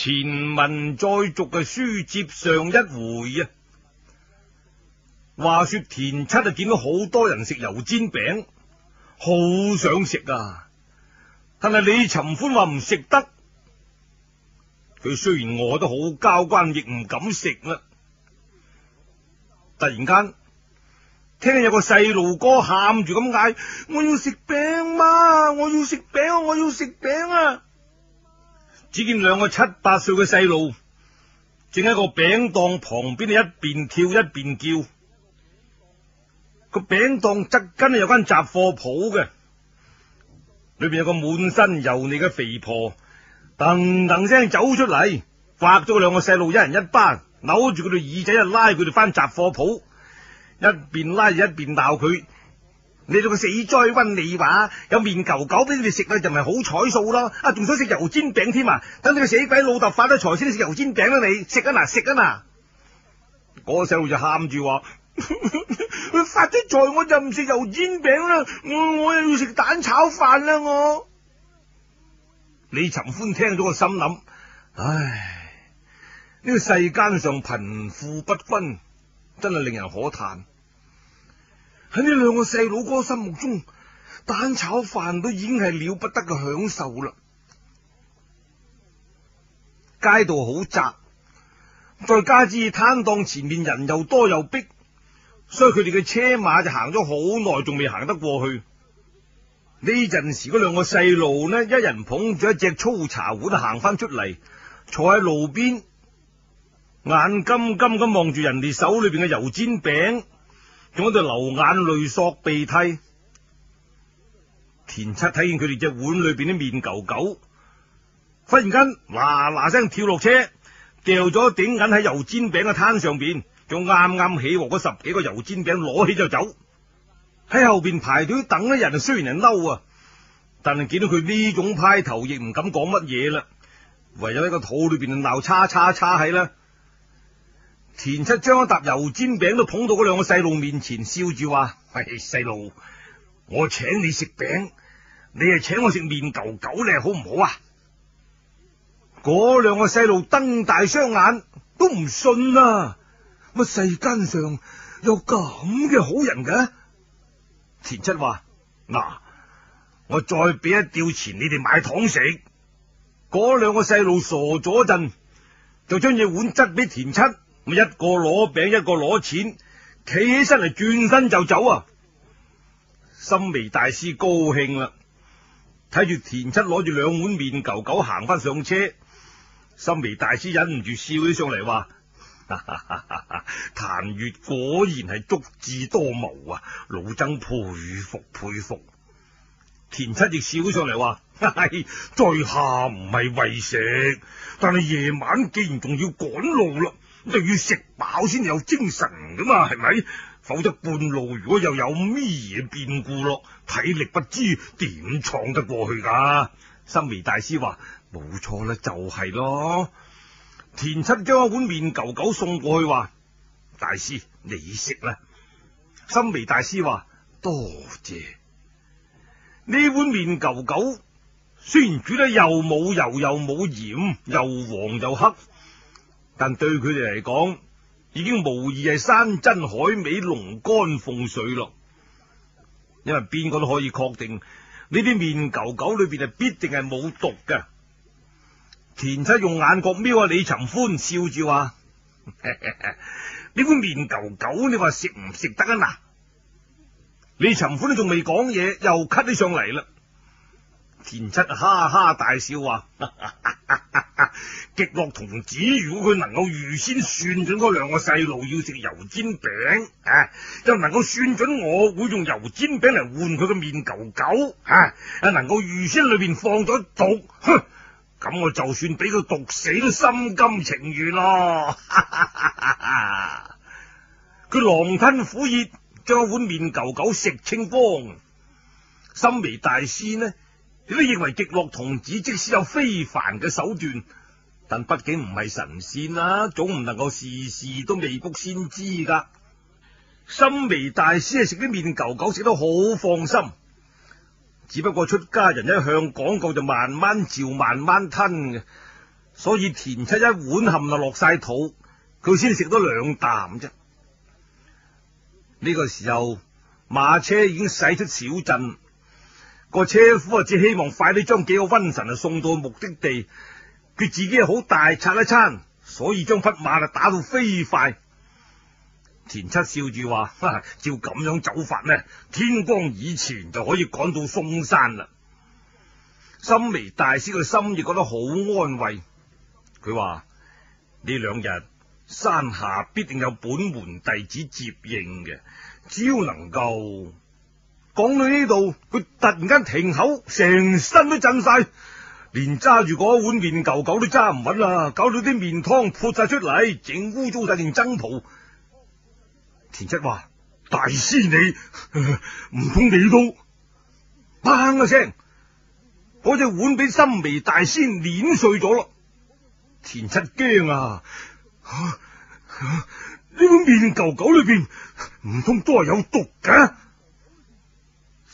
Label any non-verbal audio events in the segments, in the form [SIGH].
前文再續嘅書接上一回啊，話說田七就見到好多人食油煎餅，好想食啊，但係李尋歡話唔食得，佢雖然餓得好交關，亦唔敢食啦。突然間聽到有個細路哥喊住咁嗌：我要食餅啊！我要食餅啊！我要食餅啊！只見兩個七八歲嘅細路，正喺個餅檔旁邊一邊跳一邊叫。個餅檔側跟有間雜貨鋪嘅，裏邊有個滿身油膩嘅肥婆，噔噔聲走出嚟，摑咗個兩個細路一人一巴，扭住佢哋耳仔就拉佢哋翻雜貨鋪，一邊拉一邊鬧佢。你到個死災瘟你話有麵球餃俾你哋食啦，就咪好彩數咯。啊，仲想食油煎餅添啊？等你個死鬼老豆發咗財先食油煎餅啦，啊，你食啊嗱食啊嗱。嗰個細路就喊住話： [LAUGHS] 發咗財我就唔食油煎餅啦，我又要食蛋炒飯啦我。李尋歡聽咗個心諗：唉，呢、這個世間上貧富不均，真係令人可嘆。喺呢兩個細佬哥心目中，蛋炒飯都已經係了不得嘅享受啦。街道好窄，再加之攤檔前面人又多又逼，所以佢哋嘅車馬就行咗好耐，仲未行得過去。呢陣時，嗰兩個細路呢，一人捧住一隻粗茶碗，行返出嚟，坐喺路邊，眼金金咁望住人哋手裏邊嘅油煎餅。仲喺度流眼淚、索鼻涕，田七睇見佢哋隻碗裏邊啲麵嚿嚿，忽然間嗱嗱聲跳落車，掉咗頂緊喺油煎餅嘅攤上邊，仲啱啱起鑊嗰十幾個油煎餅攞起就走，喺後邊排隊等嘅人雖然係嬲啊，但係見到佢呢種派頭，亦唔敢講乜嘢啦，唯有喺個肚裏邊鬧叉叉叉喺啦。田七將一沓油煎餅都捧到嗰兩個細路面前，笑住話：喂，細路，我請你食餅，你係請我食麵豆狗咧，好唔好啊？嗰兩個細路瞪大雙眼，都唔信啦、啊，乜世間上有咁嘅好人㗎？田七話：嗱，我再俾一吊錢你哋買糖食。嗰兩個細路傻咗一陣，就將隻碗執俾田七。一個攞餅，一個攞錢，企起身嚟，轉身就走啊！心眉大師高興啦，睇住田七攞住兩碗麵，狗狗行翻上車。心眉大師忍唔住笑起上嚟，話：哈哈哈，譚月果然係足智多謀啊！老僧佩服佩服。田七亦笑咗上嚟，話：哎，在下唔係為食，但係夜晚竟然仲要趕路啦。就要食飽先有精神噶嘛，係咪？否則半路如果又有咩嘢變故咯，體力不知點闖得過去噶。心眉大師話：冇錯啦，就係、是、咯。田七將一碗麵嚿嚿送過去，話：大師你食啦。心眉大師話：多謝。呢碗麵嚿嚿雖然煮得又冇油又冇鹽又黃又黑。但對佢哋嚟講，已經無疑係山珍海味、龍肝鳳髓咯。因為邊個都可以確定呢啲麵球狗裏邊係必定係冇毒嘅。田七用眼角瞄下李尋歡，笑住話：呢碗麵球狗，你話食唔食得啊？嗱，李尋歡都仲未講嘢，又咳起上嚟啦。田七哈哈大笑啊，極樂童子，如果佢能夠預先算準嗰兩個細路要食油煎餅，啊，又能夠算準我會用油煎餅嚟換佢個麵球狗，啊，能夠預先裏邊放咗毒，哼，咁我就算俾佢毒死都心甘情願咯。佢狼吞虎嚥，將一碗麵球狗食清光。心眉大師呢？你都認為極樂童子即使有非凡嘅手段，但畢竟唔係神仙啦，啊，總唔能夠事事都未卜先知噶。心眉大師啊，食啲麵球球食得好放心，只不過出家人一向講究就慢慢嚼慢慢吞嘅，所以田七一碗冚，就落曬肚，佢先食到兩啖啫。呢，這個時候，馬車已經駛出小鎮。個車夫啊，只希望快啲將幾個瘟神啊送到目的地。佢自己好大拆一餐，所以將匹馬啊打到飛快。田七笑住話：哈，照咁樣走法呢，天光以前就可以趕到嵩山啦。深眉大師嘅心亦覺得好安慰。佢話：呢兩日山下必定有本門弟子接應嘅，只要能夠。講到呢度，佢突然間停口，成身都震晒，連揸住嗰碗麵球球都揸唔穩啦，搞到啲麵湯潑晒出嚟，整污糟晒成僧袍。田七話：大師你，唔通你都砰一聲，嗰隻、啊、碗俾心眉大師碾碎咗咯。田七驚啊！呢碗、這個、麵球球裏邊，唔通都係有毒噶？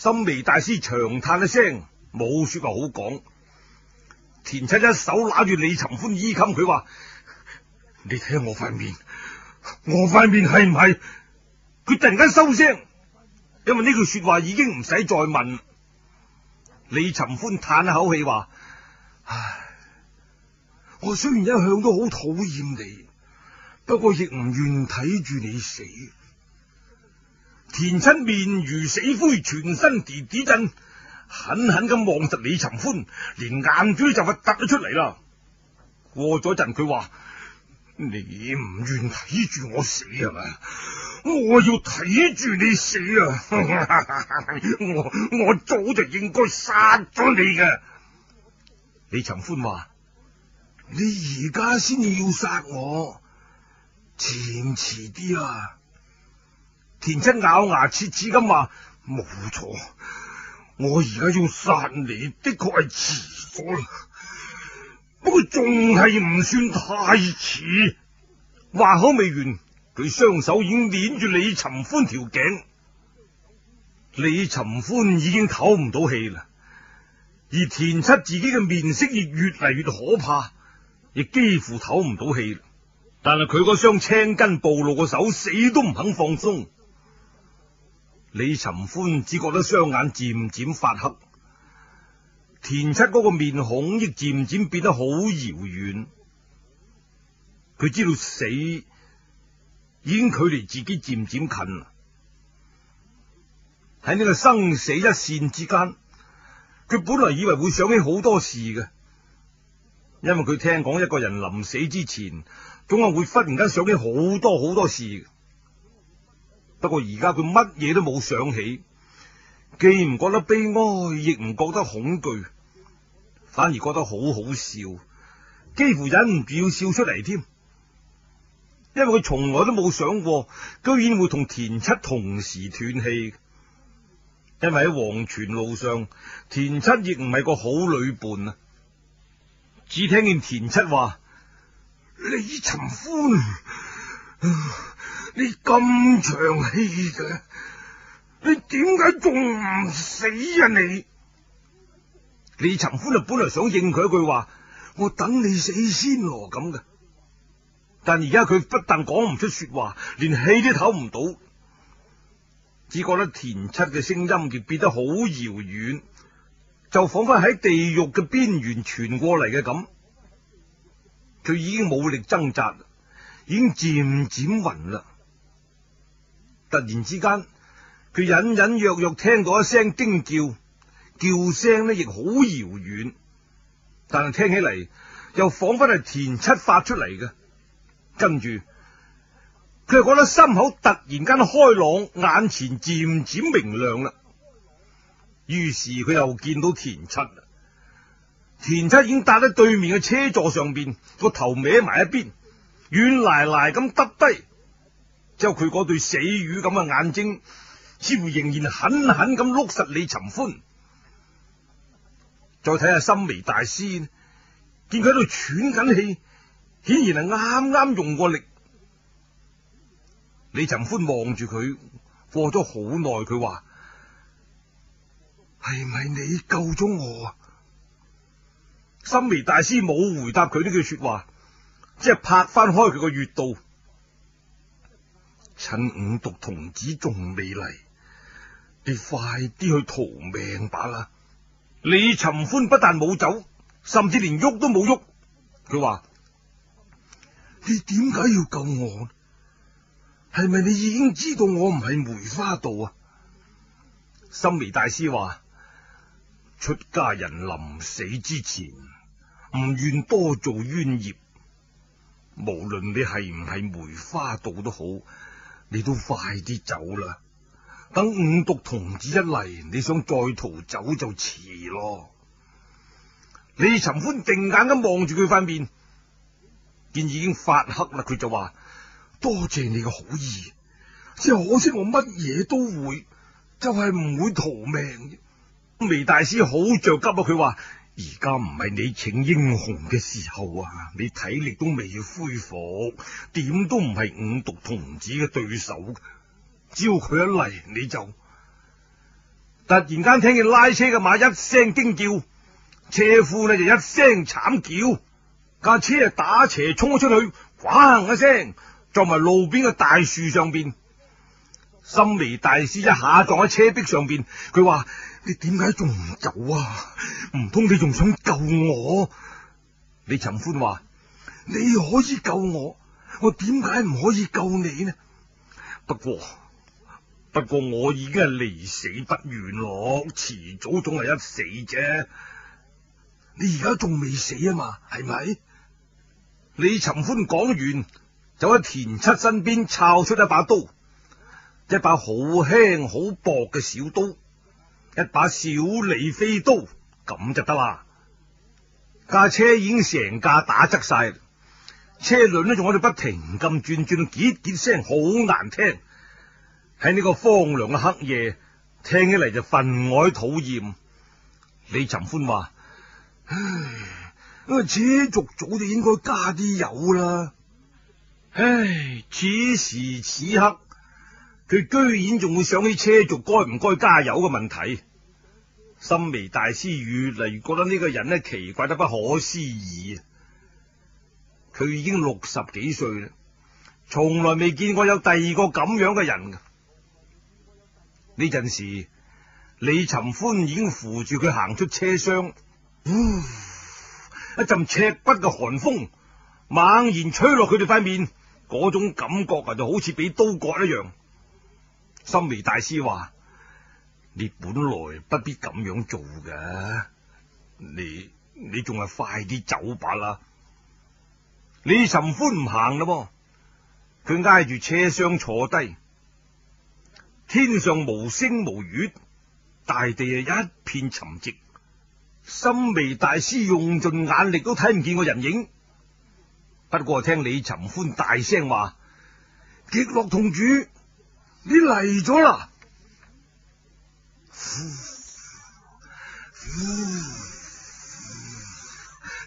心眉大師長嘆一聲，冇說話好講。田七一手拉住李尋歡衣襟，佢話：你睇下我塊面，我塊面係唔係？佢突然間收聲，因為呢句說話已經唔使再問。李尋歡嘆一口氣，話：唉，我雖然一向都好討厭你，不過亦唔願睇住你死。田親面如死灰，全身跌跌震，狠狠咁望着李尋歡，連眼珠就快凸咗出嚟啦。過咗陣，佢話：你唔願睇住我死係、啊、嘛？我要睇住你死啊！ [LAUGHS] 我我早就應該殺咗你嘅。李尋歡話：你而家先要殺我，前遲唔遲啲啊？田七咬牙切齒咁話：冇錯，我而家要殺你，的確係遲咗啦，不過仲係唔算太遲。話口未完，佢雙手已經捏住李尋歡條頸，李尋歡已經唞唔到氣啦，而田七自己嘅面色亦越嚟越可怕，亦幾乎唞唔到氣。但係佢嗰雙青筋暴露嘅手，死都唔肯放鬆。李尋歡只覺得雙眼漸漸發黑，田七嗰個面孔亦漸漸變得好遙遠。佢知道死已經距離自己漸漸近啦。喺呢個生死一線之間，佢本來以為會想起好多事嘅，因為佢聽講一個人臨死之前總係會忽然間想起好多好多事。不過而家佢乜嘢都冇想起，既唔覺得悲哀，亦唔覺得恐懼，反而覺得好好笑，幾乎忍唔住要笑出嚟添。因為佢從來都冇想過，居然會同田七同時斷氣。因為喺黃泉路上，田七亦唔係個好女伴啊！只聽見田七話：李尋歡。你咁長氣嘅，你點解仲唔死啊？你李尋歡就本來想應佢一句話，我等你死先咯咁嘅。但而家佢不但講唔出說話，連氣都唞唔到，只覺得田七嘅聲音亦變得好遙遠，就仿佛喺地獄嘅邊緣傳過嚟嘅咁。佢已經冇力掙扎，已經漸漸暈啦。突然之間，佢隱隱約約聽到一聲驚叫，叫聲咧亦好遙遠，但係聽起嚟又仿佛係田七發出嚟嘅。跟住佢就覺得心口突然間開朗，眼前漸漸明亮啦。於是佢又見到田七，田七已經搭喺對面嘅車座上邊，個頭歪埋一邊，軟賴賴咁耷低。有佢嗰對死魚咁嘅眼睛，似乎仍然狠狠咁碌實李尋歡。再睇下心眉大師，見佢喺度喘緊氣，顯然係啱啱用過力。李尋歡望住佢，過咗好耐，佢話，係咪你救咗我？心眉大師冇回答佢呢句說話，只係拍翻開佢個穴道。趁五毒童子仲未嚟，你快啲去逃命吧啦！李尋歡不但冇走，甚至連喐都冇喐。佢話：你點解要救我？係咪你已經知道我唔係梅花道啊？心眉大師話：出家人臨死之前唔願多做冤孽，無論你係唔係梅花道都好。你都快啲走啦！等五毒童子一嚟，你想再逃走就遲咯。李尋歡定眼咁望住佢塊面，見已經發黑啦，佢就話：多謝你嘅好意，只可惜我乜嘢都會，就係唔會逃命。梅大師好着急啊，佢話。而家唔係你逞英雄嘅時候啊！你體力都未恢復，點都唔係五毒童子嘅對手。只要佢一嚟，你就突然間聽見拉車嘅馬一聲驚叫，車夫咧就一聲慘叫，架車啊打斜沖咗出去，嘩一聲撞埋路邊嘅大樹上邊。心眉大師一下撞喺車壁上邊，佢話。你點解仲唔走啊？唔通你仲想救我？李尋歡話：你可以救我，我點解唔可以救你呢？不過，不過我已經係離死不遠咯，遲早總係一死啫。你而家仲未死啊嘛？係咪？李尋歡講完，就喺田七身邊抄出一把刀，一把好輕好薄嘅小刀。一把小李飛刀，咁就得啦。架車已經成架打側晒，車輪咧仲我哋不停咁轉轉，結結聲，好難聽。喺呢個荒涼嘅黑夜，聽起嚟就分外討厭。李尋歡話：唉，車續早就應該加啲油啦。唉，此時此刻。佢居然仲會想起車族該唔該加油嘅問題，心眉大師越嚟越覺得呢個人咧奇怪得不可思議。佢已經六十幾歲啦，從來未見過有第二個咁樣嘅人。呢陣時，李尋歡已經扶住佢行出車廂，一陣赤骨嘅寒風猛然吹落佢哋塊面，嗰種感覺啊就好似俾刀割一樣。心眉大師話：你本來不必咁樣做嘅，你你仲係快啲走吧啦！李尋歡唔行啦，佢挨住車廂坐低。天上無星無月，大地啊一片沉寂。心眉大師用盡眼力都睇唔見個人影，不過聽李尋歡大聲話：極樂同主。你嚟咗啦！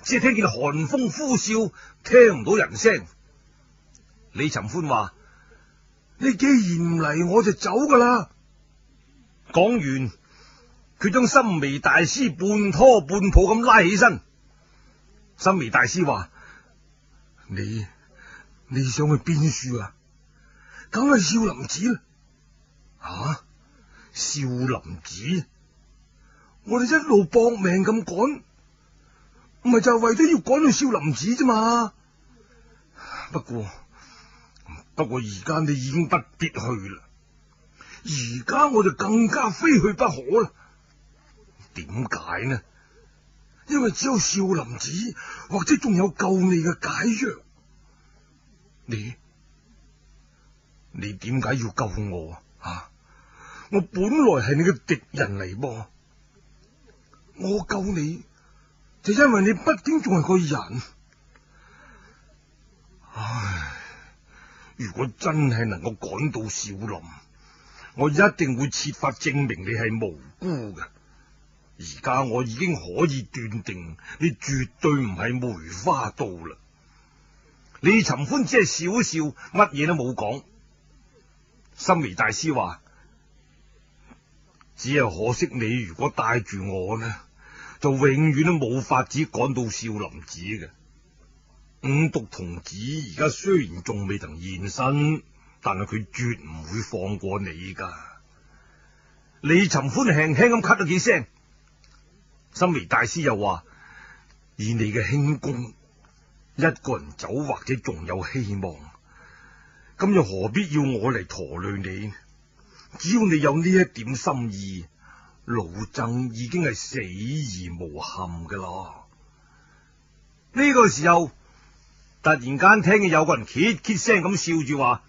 只係聽見寒風呼嘯，聽唔到人聲。李尋歡話：你既然唔嚟，我就走噶啦。講完，佢將心眉大師半拖半抱咁拉起身。心眉大師話：你你想去邊處啊？梗係少林寺啦。吓、啊、少林寺，我哋一路搏命咁趕，唔係就係為咗要趕到少林寺啫嘛。不過，不過而家你已經不必去啦。而家我就更加非去不可啦。點解呢？因為只有少林寺，或者仲有救你嘅解藥。你，你點解要救我？我本來係你嘅敵人嚟噃，我救你就因為你畢竟仲係個人。唉，如果真係能夠趕到少林，我一定會設法證明你係無辜嘅。而家我已經可以斷定你絕對唔係梅花盜啦。李尋歡只係笑一笑，乜嘢都冇講。心眉大師話。只係可惜，你如果帶住我呢，就永遠都冇法子趕到少林寺嘅五毒童子。而家雖然仲未能現身，但係佢絕唔會放過你噶。李尋歡輕輕咁咳咗幾聲，心眉大師又話：以你嘅輕功，一個人走或者仲有希望，咁又何必要我嚟拖累你？只要你有呢一點心意，老僧已經係死而無憾噶咯，呢、這個時候突然間聽見有個人揭揭聲咁笑住話：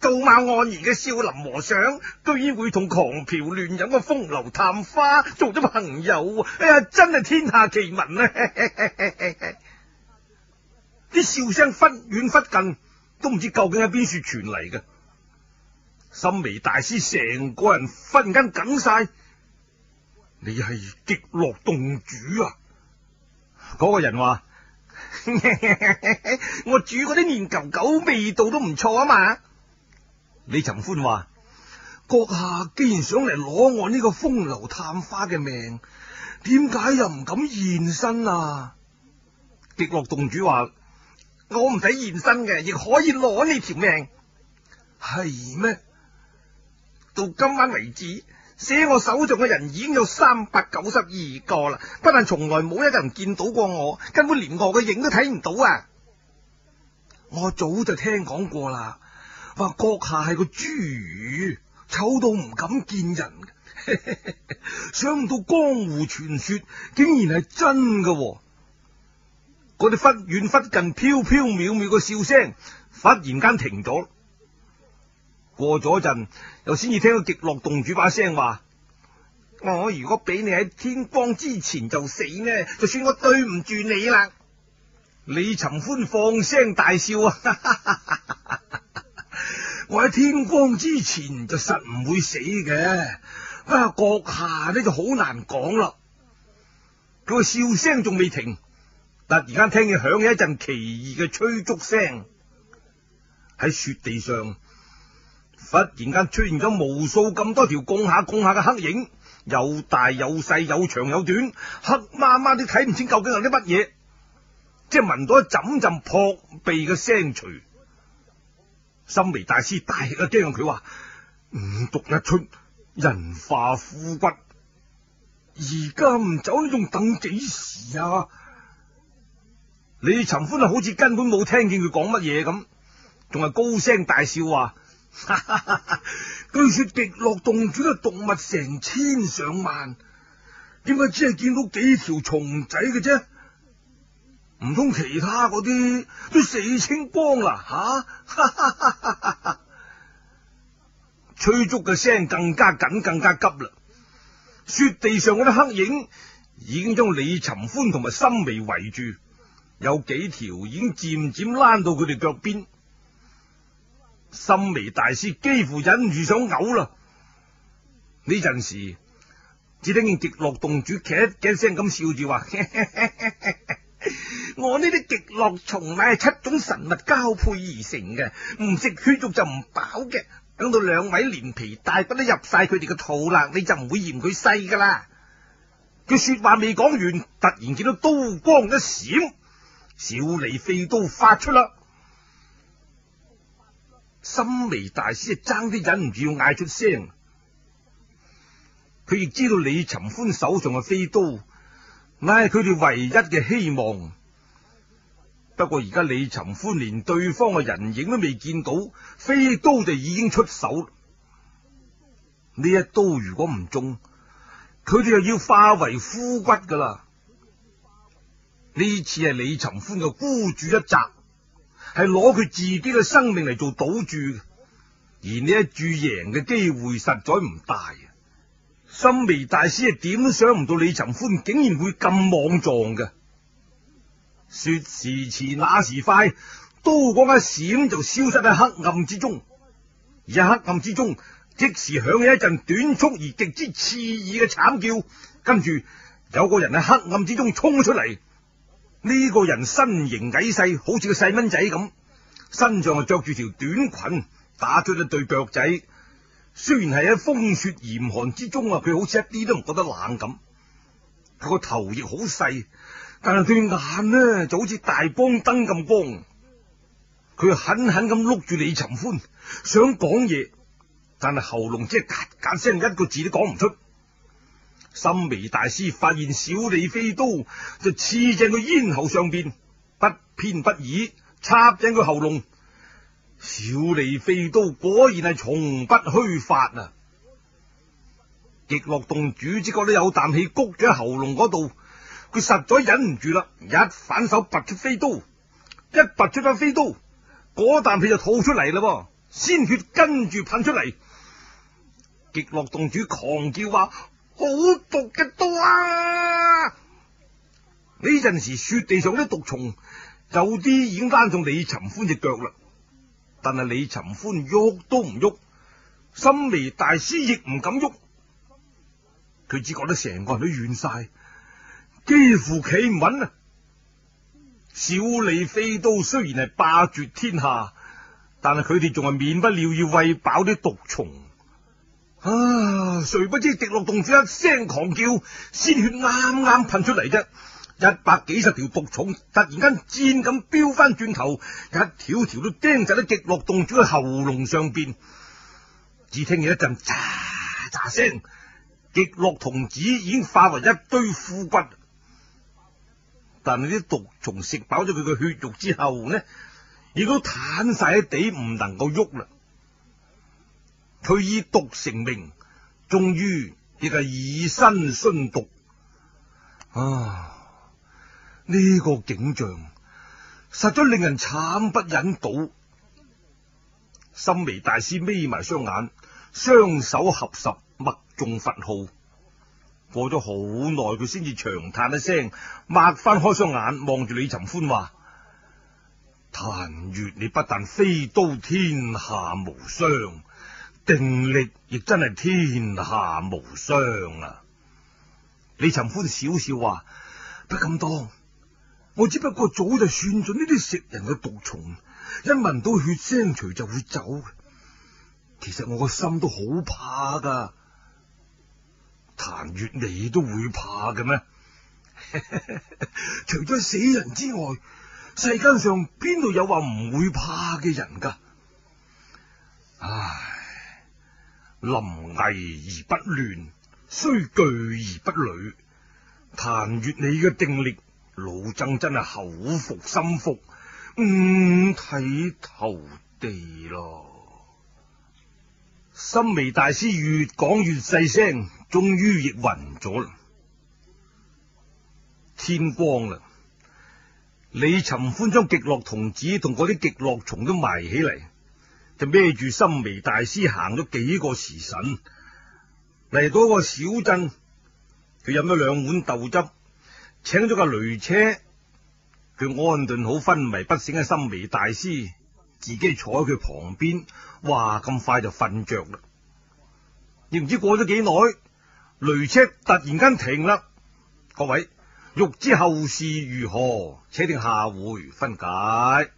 道 [LAUGHS] 貌岸然嘅少林和尚，居然會同狂嫖亂飲嘅風流探花做咗朋友，哎呀，真係天下奇聞啊！啲， [LAUGHS] 笑聲忽遠忽近，都唔知究竟喺邊處傳嚟嘅。心眉大師成個人忽然間梗晒，你係極樂洞主啊！嗰、嗰個人話： [LAUGHS] 我煮嗰啲麵球狗味道都唔錯啊嘛！李尋歡話：閣下既然想嚟攞我呢個風流探花嘅命，點解又唔敢現身啊？極樂 [LAUGHS] 洞主話：我唔使現身嘅，亦可以攞你條命，係咩？到今晚為止，死喺我手上嘅人已經有三百九十二個啦。不但從來冇一個人見到過我，根本連我嘅影都睇唔到啊！我早就聽講過啦，話閣下係個豬，醜到唔敢見人， [LAUGHS] 想唔到江湖傳說竟然係真嘅哦。嗰啲忽遠忽近、飄飄渺渺嘅笑聲，忽然間停咗。過咗一陣，又先至聽到極樂洞主把聲話：我、哦、如果俾你喺天光之前就死呢，就算我對唔住你啦。李尋歡放聲大笑啊！哈哈，哈哈，我喺天光之前就實唔會死嘅啊，閣下呢就好難講啦。佢個笑聲仲未停，突然間聽見響起一陣奇異嘅催竹聲喺雪地上。忽然間出現咗無數咁多條降下降下嘅黑影，有大有細，有長有短，黑麻麻都睇唔清究竟係啲乜嘢。即係聞到一陣陣撲鼻嘅聲，除深眉大師大吃、嗯、一驚，佢話五毒一出，人化枯骨。而家唔走你、啊，你仲等幾時啊？李尋歡好似根本冇聽見佢講乜嘢咁，仲係高聲大笑話。 [LAUGHS] 據說極樂洞主嘅動物成千上萬，點解只係見到幾條蟲仔嘅啫？唔通其他嗰啲都死清光啦？吓、啊！ [LAUGHS] 吹竹嘅聲更加緊，更加急啦！雪地上嗰啲黑影已經將李尋歡同埋心眉圍住，有幾條已經漸漸拉到佢哋腳邊。心眉大師幾乎忍唔住想嘔啦！呢陣時，只聽見極樂洞主劇一聲咁笑住話： [LAUGHS] 我呢啲極樂蟲乃係七種神物交配而成嘅，唔食血肉就唔飽嘅。等到兩位連皮帶骨都入晒佢哋嘅肚啦，你就唔會嫌佢細噶啦。佢說話未講完，突然見到刀光一閃，小李飛刀發出啦。心眉大師啊，爭啲忍唔住要嗌出聲。佢亦知道李尋歡手上嘅飛刀，乃係佢哋唯一嘅希望。不過而家李尋歡連對方嘅人影都未見到，飛刀就已經出手。呢一刀如果唔中，佢哋又要化為枯骨噶啦。呢次係李尋歡嘅孤注一擲。係攞佢自己嘅生命嚟做賭注，而呢一注贏嘅機會實在唔大。心眉大師啊，點都想唔到李尋歡竟然會咁莽撞嘅。說時遲，那時快，刀光一閃就消失喺黑暗之中。而喺黑暗之中，即時響起一陣短促而極之刺耳嘅慘叫，跟住有個人喺黑暗之中衝出嚟。呢個人身形矮細，好似個細蚊仔咁，身上啊着住條短裙，打穿一對腳仔。雖然係喺風雪嚴寒之中啊，佢好似一啲都唔覺得冷咁。佢個頭亦好細，但係對眼呢就好似大光燈咁光。佢狠狠咁碌住李尋歡，想講嘢，但係喉嚨只係嘎嘎聲，一個字都講唔出。心眉大師發現小李飛刀就刺正佢咽喉上邊，不偏不倚插正佢喉嚨。小李飛刀果然係從不虛發啊！極樂洞主只覺得有啖氣焗住喺喉嚨嗰度，佢實在忍唔住啦，一反手拔出飛刀，一拔出咗飛刀，嗰啖氣就吐出嚟啦，鮮血跟住噴出嚟。極樂洞主狂叫話好毒嘅刀啊！呢陣時雪地上啲毒蟲，有啲已經拉到李尋歡隻腳啦。但係李尋歡喐都唔喐，心眉大師亦唔敢喐。佢只覺得成個人都軟晒，幾乎企唔穩啊！小李飛刀雖然係霸絕天下，但係佢哋仲係免不了要餵飽啲毒蟲。啊，誰不知極樂洞主一聲狂叫，鮮血啱啱噴，噴出嚟啫，一百幾十條毒蟲突然間箭咁飆翻轉頭，一條條都釘晒喺極樂洞主嘅喉嚨上邊。只聽見一陣喳喳聲，極樂童子已經化為一堆枯骨。但係啲毒蟲食飽咗佢嘅血肉之後呢，亦都癱晒喺地，唔能夠喐啦。佢以毒成名，終於亦係以身殉毒啊！呢個景象實在令人慘不忍睹。心眉大師眯埋雙眼，雙手合十，默誦佛號。過咗好耐，佢先至長嘆一聲，擘翻開雙眼望住李尋歡話：譚月，你不但飛刀天下無雙。定力亦真係天下無雙啊！李尋歡笑笑話：不敢當，我只不過早就算準呢啲食人嘅毒蟲，一聞到血腥除就會走。其實我個心都好怕噶。譚月，你都會怕嘅咩？ [LAUGHS] 除咗死人之外，世間上邊度有話唔會怕嘅人噶？唉。臨危而不亂，雖懼而不餒，檀越你嘅定力，老僧真係口服心服，五體投地咯。心眉大師越講越細聲，終於亦暈咗啦。天光啦，李尋歡將極樂童子同嗰啲極樂蟲都埋起嚟。就孭住心眉大師行咗幾個時辰，嚟到一個小鎮，佢飲咗兩碗豆汁，請咗架驢車，佢安頓好昏迷不醒嘅心眉大師，自己坐喺佢旁邊，哇，咁快就瞓着啦！亦唔知過咗幾耐，驢車突然間停啦。各位欲知後事如何，請聽下回分解。